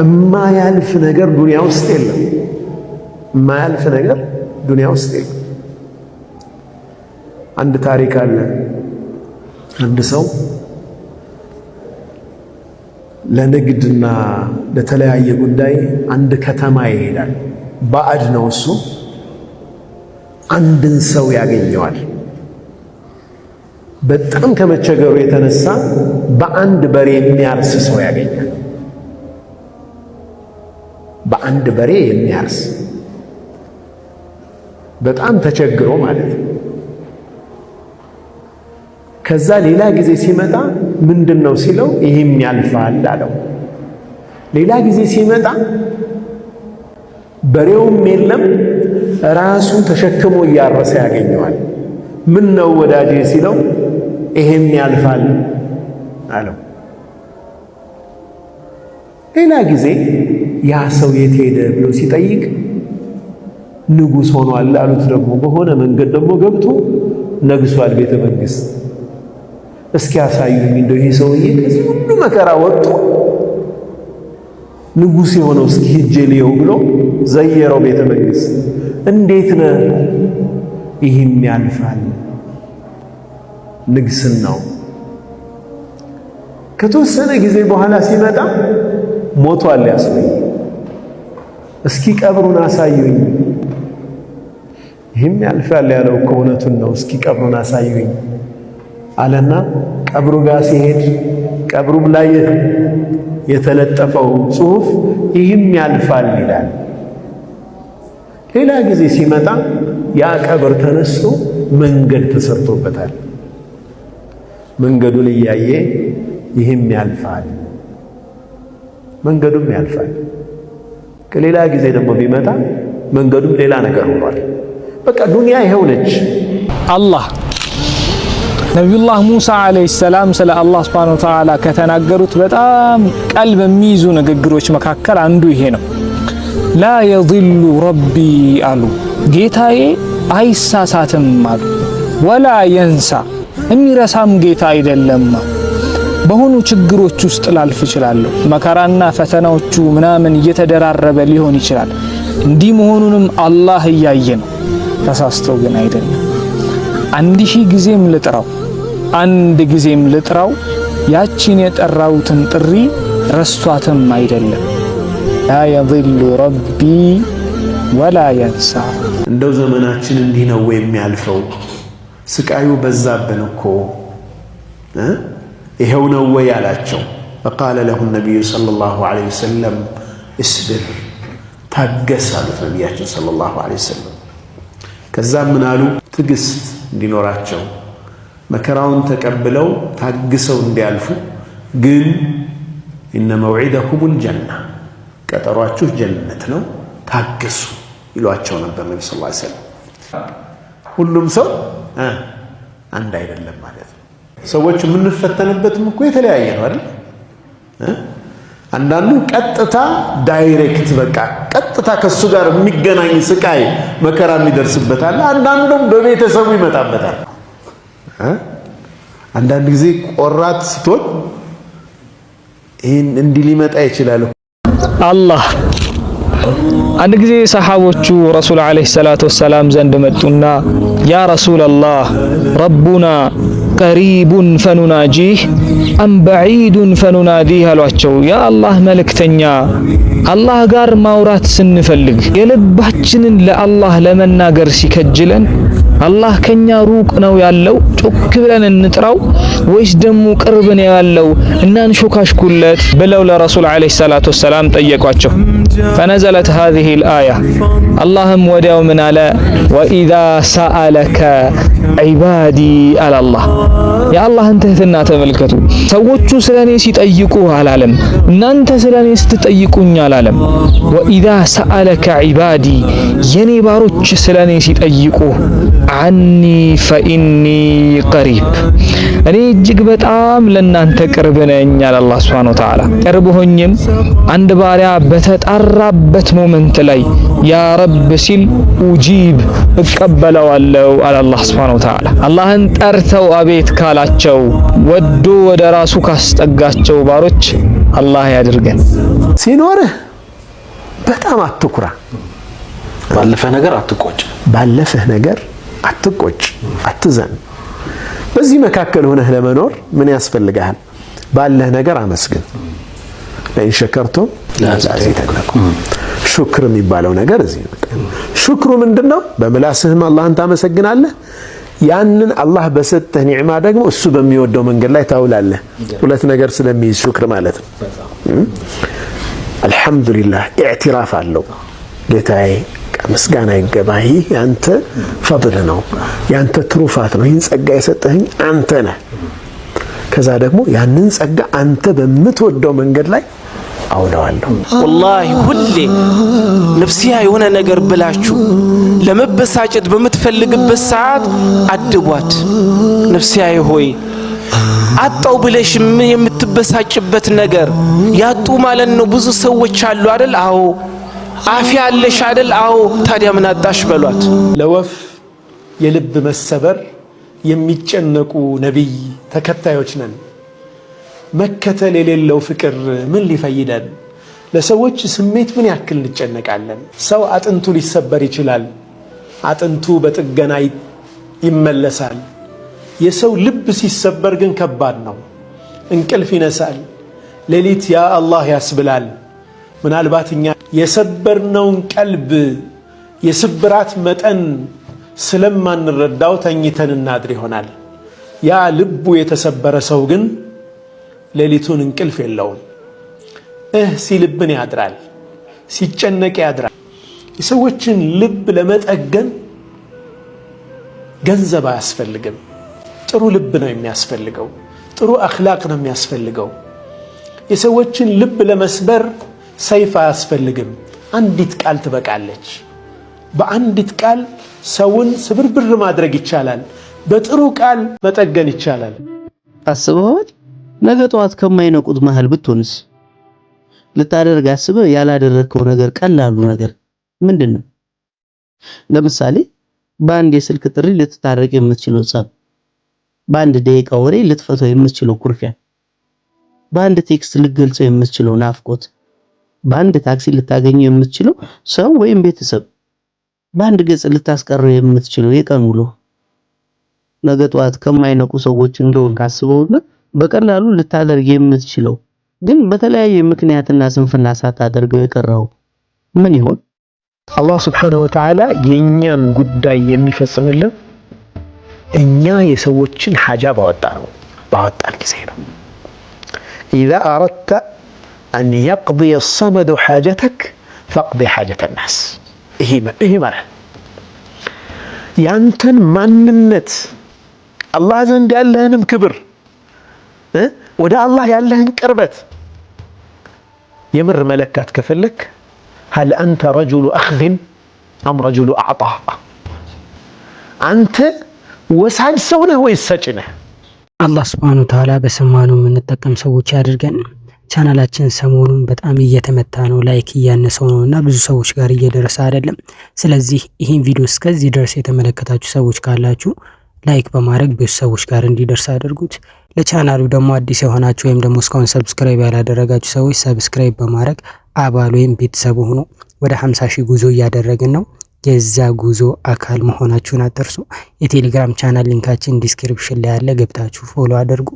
የማያልፍ ነገር ዱንያ ውስጥ የለም። እማያልፍ ነገር ዱንያ ውስጥ የለም። አንድ ታሪክ አለ። አንድ ሰው ለንግድና ለተለያየ ጉዳይ አንድ ከተማ ይሄዳል። ባዕድ ነው እሱ። አንድን ሰው ያገኘዋል። በጣም ከመቸገሩ የተነሳ በአንድ በሬ የሚያርስ ሰው ያገኛል። በአንድ በሬ የሚያርስ በጣም ተቸግሮ ማለት ነው። ከዛ ሌላ ጊዜ ሲመጣ ምንድን ነው ሲለው ይህም ያልፋል አለው። ሌላ ጊዜ ሲመጣ በሬውም የለም ራሱ ተሸክሞ እያረሰ ያገኘዋል። ምን ነው ወዳጄ ሲለው ይሄም ያልፋል አለው። ሌላ ጊዜ ያ ሰው የት ሄደ ብሎ ሲጠይቅ ንጉስ ሆኗል አሉት። ደግሞ በሆነ መንገድ ደግሞ ገብቶ ነግሷል ቤተ መንግሥት። እስኪ ያሳዩኝ እንደው ይሄ ሰውዬ ከዚህ ሁሉ መከራ ወጥቶ ንጉስ የሆነው እስኪ ሄጄ ልየው ብሎ ዘየረው ቤተ መንግሥት። እንዴት ነ ይህም ያልፋል ንግስናው። ከተወሰነ ጊዜ በኋላ ሲመጣ ሞቷል ያስበኝ እስኪ ቀብሩን አሳዩኝ። ይህም ያልፋል ያለው እኮ እውነቱን ነው። እስኪ ቀብሩን አሳዩኝ አለና ቀብሩ ጋር ሲሄድ ቀብሩም ላይ የተለጠፈው ጽሑፍ ይህም ያልፋል ይላል። ሌላ ጊዜ ሲመጣ ያ ቀብር ተነስቶ መንገድ ተሰርቶበታል። መንገዱን እያየ ይህም ያልፋል፣ መንገዱም ያልፋል ከሌላ ጊዜ ደግሞ ቢመጣ መንገዱ ሌላ ነገር ሆኗል። በቃ ዱንያ ይኸው ነች። አላህ ነቢዩላህ ሙሳ ዓለይሂ ሰላም ስለ አላህ ሱብሓነሁ ወተዓላ ከተናገሩት በጣም ቀልብ የሚይዙ ንግግሮች መካከል አንዱ ይሄ ነው። ላ የዚሉ ረቢ አሉ፣ ጌታዬ አይሳሳትም አሉ። ወላ የንሳ የሚረሳም ጌታ አይደለም አሉ። በሆኑ ችግሮች ውስጥ ላልፍ እችላለሁ። መከራና ፈተናዎቹ ምናምን እየተደራረበ ሊሆን ይችላል። እንዲህ መሆኑንም አላህ እያየ ነው። ተሳስቶ ግን አይደለም። አንድ ሺህ ጊዜም ልጥራው፣ አንድ ጊዜም ልጥራው፣ ያቺን የጠራውትን ጥሪ ረስቷትም አይደለም። ላ የድሉ ረቢ ወላ የንሳ። እንደው ዘመናችን እንዲህ ነው የሚያልፈው። ስቃዩ በዛብን እኮ ይኸው ነው ወይ አላቸው። ፈቃለ ለሁ ነቢዩ ሰለላሁ ዐለይሂ ወሰለም እስብር ታገስ አሉት ነቢያችን ሰለላሁ ዐለይሂ ወሰለም። ከዛም ምን አሉ? ትዕግስት እንዲኖራቸው መከራውን ተቀብለው ታግሰው እንዲያልፉ ግን እነ መውዒደኩሙል ጀና ቀጠሯችሁ ጀነት ነው ታገሱ ይሏቸው ነበር ነቢ ስ ሰለም። ሁሉም ሰው አንድ አይደለም ማለት ነው። ሰዎች የምንፈተንበትም እኮ የተለያየ ነው አይደል? አንዳንዱ ቀጥታ ዳይሬክት በቃ ቀጥታ ከእሱ ጋር የሚገናኝ ስቃይ መከራ የሚደርስበታል። አንዳንዱም በቤተሰቡ ይመጣበታል። አንዳንድ ጊዜ ቆራት ስትሆን ይህን እንዲህ ሊመጣ ይችላል አላህ አንድ ጊዜ ሰሓቦቹ ረሱል ዓለይሂ ሰላቱ ወሰላም ዘንድ መጡና ያ ረሱለላህ ረቡና ቀሪቡን ፈኑናጂህ አም በዒዱን ፈኑናዲህ አሏቸው። የአላህ መልእክተኛ አላህ ጋር ማውራት ስንፈልግ የልባችንን ለአላህ ለመናገር ሲከጅለን አላህ ከኛ ሩቅ ነው ያለው ጮክ ብለን እንጥራው ወይስ ደግሞ ቅርብ ነው ያለው እናንሾካሽኩለት ብለው ለረሱል ዓለይሂ ሰላቱ ወሰላም ጠየቋቸው። ፈነዘለት ሃዚሂል አያ አላህም ወዲያው ምን አለ ወኢዛ ሰአለከ ዒባዲ አላላህ የአላህን ትህትና ተመልከቱ። ሰዎቹ ስለ እኔ ሲጠይቁ አላለም፣ እናንተ ስለ እኔ ስትጠይቁኝ አላለም። ወኢዛ ሰአለከ ዒባዲ የኔ ባሮች ስለ እኔ ሲጠይቁ አኒ ፈኢኒ ቀሪብ እኔ እጅግ በጣም ለእናንተ ቅርብ ነኝ አለ አላህ ሱብሓነሁ ወተዓላ። ቅርብ ሆኜም አንድ ባሪያ በተጣራበት ሞመንት ላይ ያ ረብ ሲል ኡጂብ እቀበለዋለሁ አለ አላህ ሱብሓነሁ ወተዓላ። አላህን ጠርተው አቤት ካላቸው ወዶ ወደ ራሱ ካስጠጋቸው ባሮች አላህ ያድርገን። ሲኖርህ በጣም አትኩራ። ባለፈህ ነገር አትቆጭ። ባለፈህ ነገር አትቆጭ፣ አትዘን። በዚህ መካከል ሆነህ ለመኖር ምን ያስፈልግሃል? ባለህ ነገር አመስግን። ለኢን ሸከርቱም ለአዚደንነኩም። ሹክር የሚባለው ነገር እዚህ ነው። ሹክሩ ምንድን ነው? በምላስህም አላህን ታመሰግናለህ። ያንን አላህ በሰጠህ ኒዕማ ደግሞ እሱ በሚወደው መንገድ ላይ ታውላለህ። ሁለት ነገር ስለሚይዝ ሹክር ማለት ነው። አልሐምዱሊላህ ኢዕትራፍ አለው ጌታዬ በቃ ምስጋና ይገባ። ይህ ያንተ ፈብል ነው፣ ያንተ ትሩፋት ነው። ይህን ጸጋ የሰጠህኝ አንተ ነህ። ከዛ ደግሞ ያንን ጸጋ አንተ በምትወደው መንገድ ላይ አውለዋለሁ። ወላሂ ሁሌ ነፍስያ የሆነ ነገር ብላችሁ ለመበሳጨት በምትፈልግበት ሰዓት አድቧት። ነፍስያዬ ሆይ አጣው ብለሽ የምትበሳጭበት ነገር ያጡ ማለት ነው ብዙ ሰዎች አሉ አይደል? አዎ አፍ ያለሽ አይደል? አዎ። ታዲያ ምን አጣሽ በሏት። ለወፍ የልብ መሰበር የሚጨነቁ ነቢይ ተከታዮች ነን። መከተል የሌለው ፍቅር ምን ሊፈይደን? ለሰዎች ስሜት ምን ያክል እንጨነቃለን? ሰው አጥንቱ ሊሰበር ይችላል። አጥንቱ በጥገና ይመለሳል። የሰው ልብ ሲሰበር ግን ከባድ ነው። እንቅልፍ ይነሳል። ሌሊት ያ አላህ ያስብላል። ምናልባት እኛ የሰበርነውን ቀልብ የስብራት መጠን ስለማንረዳው ተኝተን እናድር ይሆናል። ያ ልቡ የተሰበረ ሰው ግን ሌሊቱን እንቅልፍ የለውም። እህ ሲልብን ያድራል፣ ሲጨነቅ ያድራል። የሰዎችን ልብ ለመጠገን ገንዘብ አያስፈልግም። ጥሩ ልብ ነው የሚያስፈልገው። ጥሩ አኽላቅ ነው የሚያስፈልገው። የሰዎችን ልብ ለመስበር ሰይፍ አያስፈልግም፣ አንዲት ቃል ትበቃለች። በአንዲት ቃል ሰውን ስብርብር ማድረግ ይቻላል። በጥሩ ቃል መጠገን ይቻላል። አስበዋል። ነገ ጠዋት ከማይነቁት መሃል ብትሆንስ? ልታደርግ አስበ ያላደረግከው ነገር ቀላሉ ነገር ምንድን ነው? ለምሳሌ በአንድ የስልክ ጥሪ ልትታረቅ የምትችለው ጸብ፣ በአንድ ደቂቃ ወሬ ልትፈተው የምትችለው ኩርፊያ፣ በአንድ ቴክስት ልገልጸው የምትችለው ናፍቆት በአንድ ታክሲ ልታገኘው የምትችለው ሰው ወይም ቤተሰብ በአንድ ገጽ ልታስቀረው የምትችለው የቀን ውሎ ነገ ጠዋት ከማይነቁ ሰዎች እንደሆን ካስበውና በቀላሉ ልታደርግ የምትችለው ግን በተለያየ ምክንያትና ስንፍና ሳታደርገው የቀረው ምን ይሆን? አላህ ስብሓነሁ ወተዓላ የእኛን ጉዳይ የሚፈጽምልን እኛ የሰዎችን ሐጃ ባወጣ ነው ባወጣን ጊዜ ነው ኢዛ አረድተ أن يقضي الصمد حاجتك فاقضي حاجة الناس هي ما هي مره يانتن ماننت الله زند لهن كبر ودا الله لهن كربت يمر ملكات كفلك هل أنت رجل أخذ أم رجل أعطاء أنت وسعد سونه ويسجنه الله سبحانه وتعالى بسمانه من التقم سوو شارجن ቻናላችን ሰሞኑን በጣም እየተመታ ነው፣ ላይክ እያነሰው ነው እና ብዙ ሰዎች ጋር እየደረሰ አይደለም። ስለዚህ ይህን ቪዲዮ እስከዚህ ድረስ የተመለከታችሁ ሰዎች ካላችሁ ላይክ በማድረግ ብዙ ሰዎች ጋር እንዲደርስ አድርጉት። ለቻናሉ ደግሞ አዲስ የሆናችሁ ወይም ደግሞ እስካሁን ሰብስክራይብ ያላደረጋችሁ ሰዎች ሰብስክራይብ በማድረግ አባል ወይም ቤተሰብ ሆኖ ወደ 50 ሺህ ጉዞ እያደረግን ነው። የዛ ጉዞ አካል መሆናችሁን አትርሱ። የቴሌግራም ቻናል ሊንካችን ዲስክሪፕሽን ላይ ያለ ገብታችሁ ፎሎ አድርጉ።